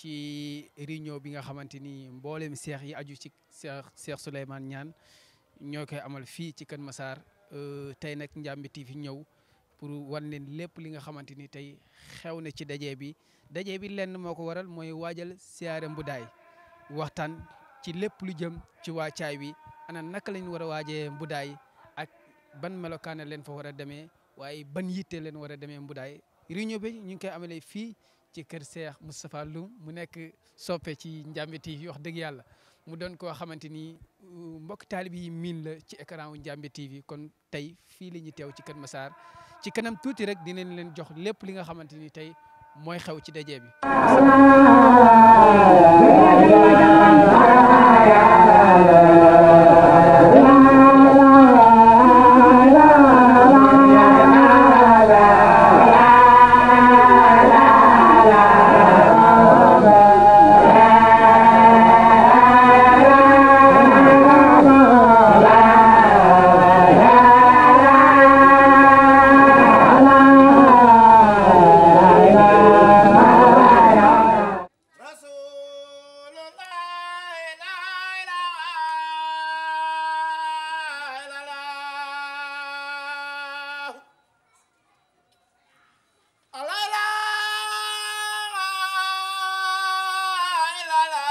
ci réunion bi nga xamante ni mbooleem seex yi aju ci seex seex Souleymane Niane ñoo koy amal fii ci Kër Massar euh, tey nag Ndiamé fi ñëw pour wan leen lépp li nga xamante ni tey xew na ci daje bi daje bi lenn moo ko waral mooy waajal siyaare mbudaay waxtaan ci lépp lu jëm ci waa caay wi ana naka lañ war a waajee mbudaay ak ban melokaane leen fa war a demee waaye ban yitte leen war a demee mbudaay réunion bi ñu ngi amalee fii ci kër Seex Moustapha Loum mu nekk soppe ci Ndiamé TV wax dëgg yàlla mu doon koo xamante ni euh, mbokk taalib yi miin la ci écran wu Ndiamé TV kon tey fii la ñuy teew ci Kër Massar ci kanam tuuti rek dinañ leen jox lépp li nga xamante ni tey mooy xew ci daje bi. la la.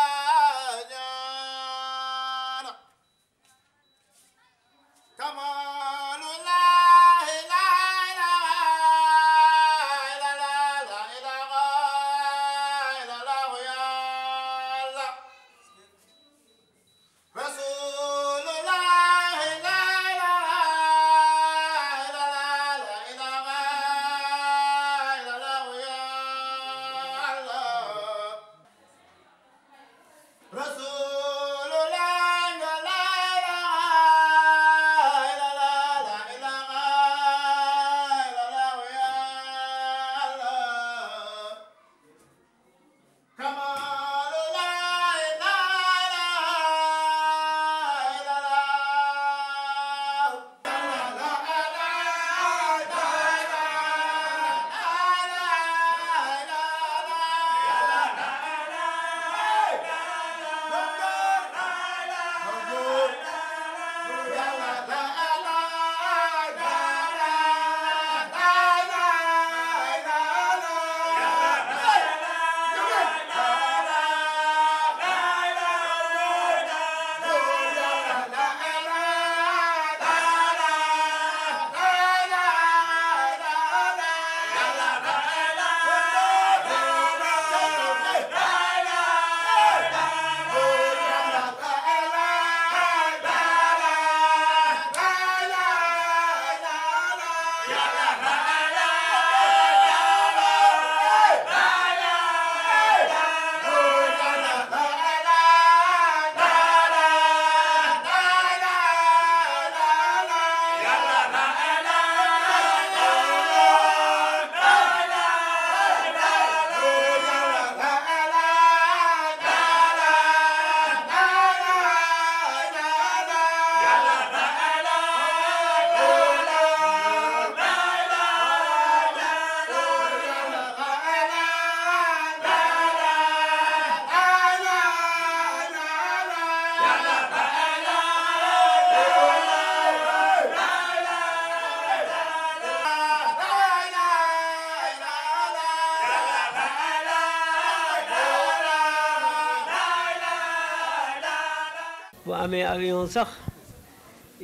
bu amee avion sax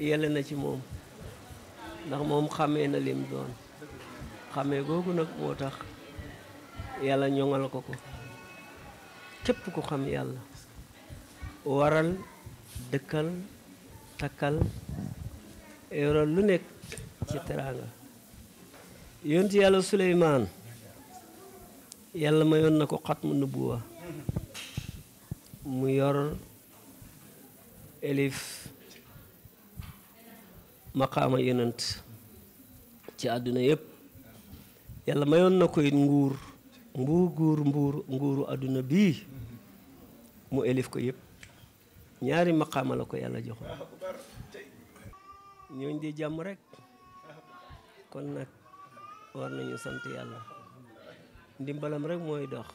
yele na ci moom ndax moom xamee na lim doon xamee googu nag moo tax yàlla ñoŋal ko ko képp ku xam yàlla waral dëkkal takkal yoral lu nekk ci teraanga ci yàlla Suleymaan yàlla mayoon na ko xat xatmu nubuwa mu yor elif maqama yonent ci aduna yep yalla mayon nako ko it nguur mbuur guur mbuur nguuru aduna bi mu elif ko yep ñaari maqama la ko yàlla joxoon ñooñ di jam rek kon nak war nañu sante yalla ndimbalam rek moy dox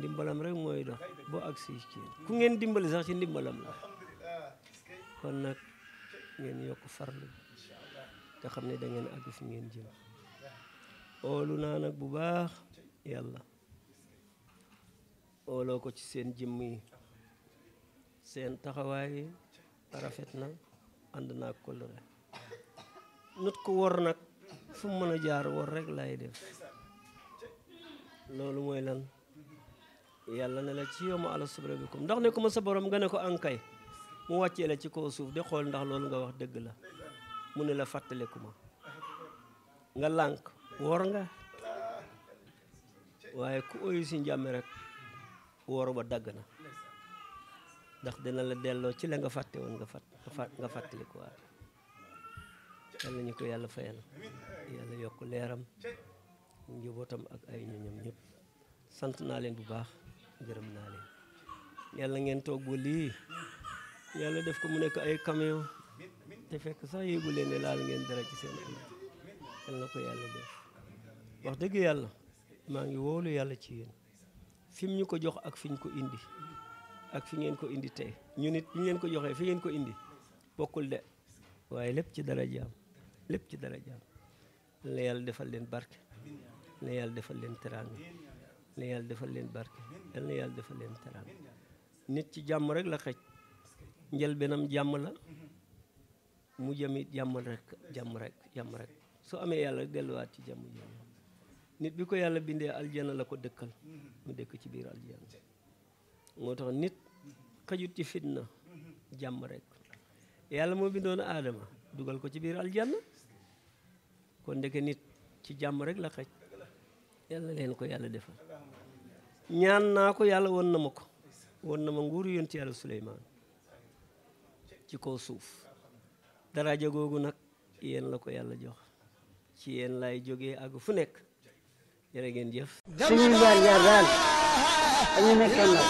ndimbalam rek moy dox bo ak ci ku ngeen dimbali sax ci ndimbalam la kon nak ngeen yok farlu te xamne da ngeen àgg fi ngeen jëm oolu na nak bu baax yàlla ooloo ko ci seen jëm yi seen rafetna and na ko naa nut ko wor nak fu meuna jaar wor rek lay def lolou moy lan yalla na la ci yomu ala subre ndax ne ko ma sa borom nga ankay mu wàccee la ci kaw suuf de xool ndax loolu nga wax dëgg la mu ne la fàttaliku ma nga lànk woor nga waaye ku oyu si njàmm rek wor ba dagg na ndax dina la delloo ci la nga fàtte woon nga fàtt nga fàttaliku waat yal nañu ko yàlla fayal yàlla yokk leeram njabootam ak ay ñoñam ñëpp sant naa leen bu baax gërëm naa leen yàlla ngeen toog lii yàlla def ko mu nekk ay camion te fekk sax yéegu leen ne laal ngeen dara seen am yal na ko yàlla def wax dëgg yàlla maa ngi woolu yàlla ci yéen fi mu ñu ko jox ak fi ñu ko indi ak fi ngeen ko indi tey ñu nit ñu leen ko joxee fi ngeen ko indi bokkul de waaye lépp ci dara jaam lépp ci dara jaam la yàlla defal leen barke la yàlla defal leen teraanga la yàlla defal leen barke la yàlla defal leen teraanga nit ci jàmm rek la xej njëlbeenam jàmm la mu jëmit jàmm rek jàmm rek jàmm su amee yàlla delluwaat ci jàmm jàmm nit bi ko yàlla bindee aljana la ko dëkkal mu dëkk ci biir aljana moo tax nit xajut ci fitna jàmm rek yàlla moo bindoon aadama dugal ko ci biir aljana kon ndeke nit ci jàmm rek la xaj yàlla leen ko yàlla defal ñaan naa ko yàlla won na ma ko won na ma nguuru yonti yàlla Suleymaan ci kaw suuf daraja googu nag yéen la ko yàlla jox ci yéen lay jógee ak fu nekk jërë ngeen jëf suñuy jaar jaar daal dañu nekkoon la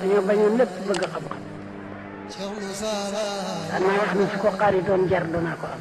dañoo bañoon lépp bëgg xam-xam daan naa wax ne ko xaaritoon